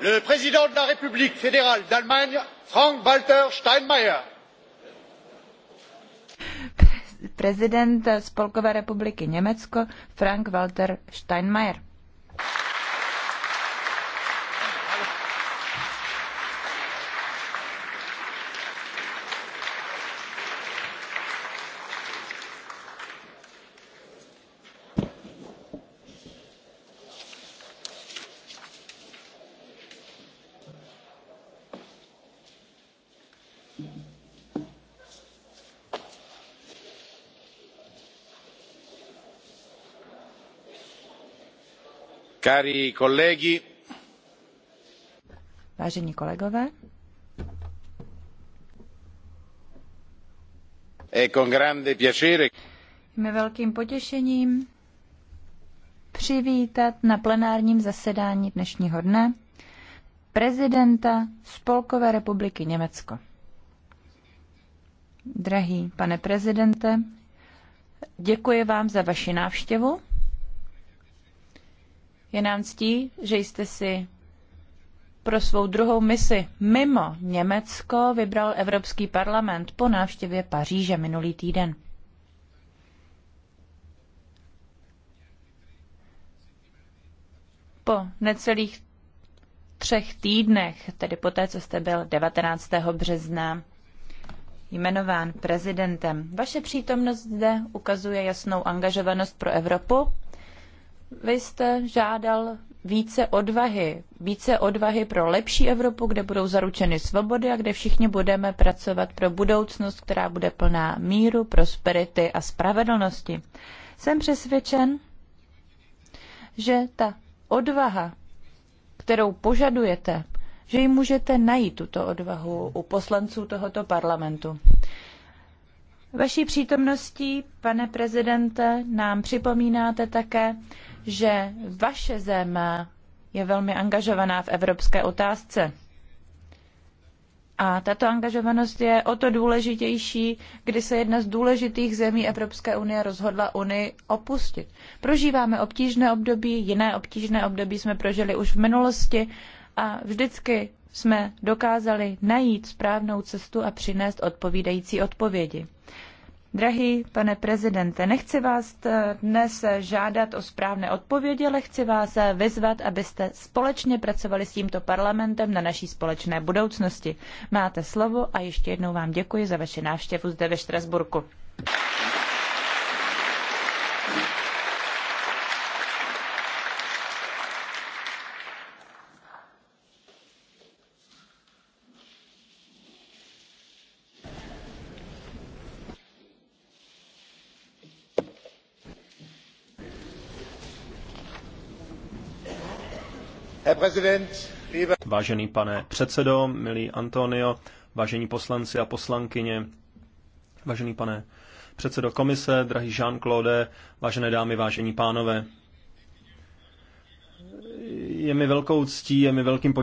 le président de la république fédérale d'allemagne frank walter steinmeier prezident spolkové republiky německo frank walter steinmeier Cari colleghi. Vážení kolegové. je con grande piacere. Mi velkým potěšením přivítat na plenárním zasedání dnešního dne prezidenta Spolkové republiky Německo. Drahý pane prezidente, děkuji vám za vaši návštěvu je nám ctí, že jste si pro svou druhou misi mimo Německo vybral Evropský parlament po návštěvě Paříže minulý týden. Po necelých třech týdnech, tedy po té, co jste byl 19. března jmenován prezidentem. Vaše přítomnost zde ukazuje jasnou angažovanost pro Evropu vy jste žádal více odvahy, více odvahy pro lepší Evropu, kde budou zaručeny svobody a kde všichni budeme pracovat pro budoucnost, která bude plná míru, prosperity a spravedlnosti. Jsem přesvědčen, že ta odvaha, kterou požadujete, že ji můžete najít tuto odvahu u poslanců tohoto parlamentu. Vaší přítomností, pane prezidente, nám připomínáte také, že vaše země je velmi angažovaná v evropské otázce. A tato angažovanost je o to důležitější, kdy se jedna z důležitých zemí Evropské unie rozhodla Unii opustit. Prožíváme obtížné období, jiné obtížné období jsme prožili už v minulosti a vždycky jsme dokázali najít správnou cestu a přinést odpovídající odpovědi. Drahý pane prezidente, nechci vás dnes žádat o správné odpovědi, ale chci vás vyzvat, abyste společně pracovali s tímto parlamentem na naší společné budoucnosti. Máte slovo a ještě jednou vám děkuji za vaši návštěvu zde ve Štrasburku. Vážený pane předsedo, milý Antonio, vážení poslanci a poslankyně, vážený pane předsedo komise, drahý Jean-Claude, vážené dámy, vážení pánové. Je mi velkou ctí, je mi velkým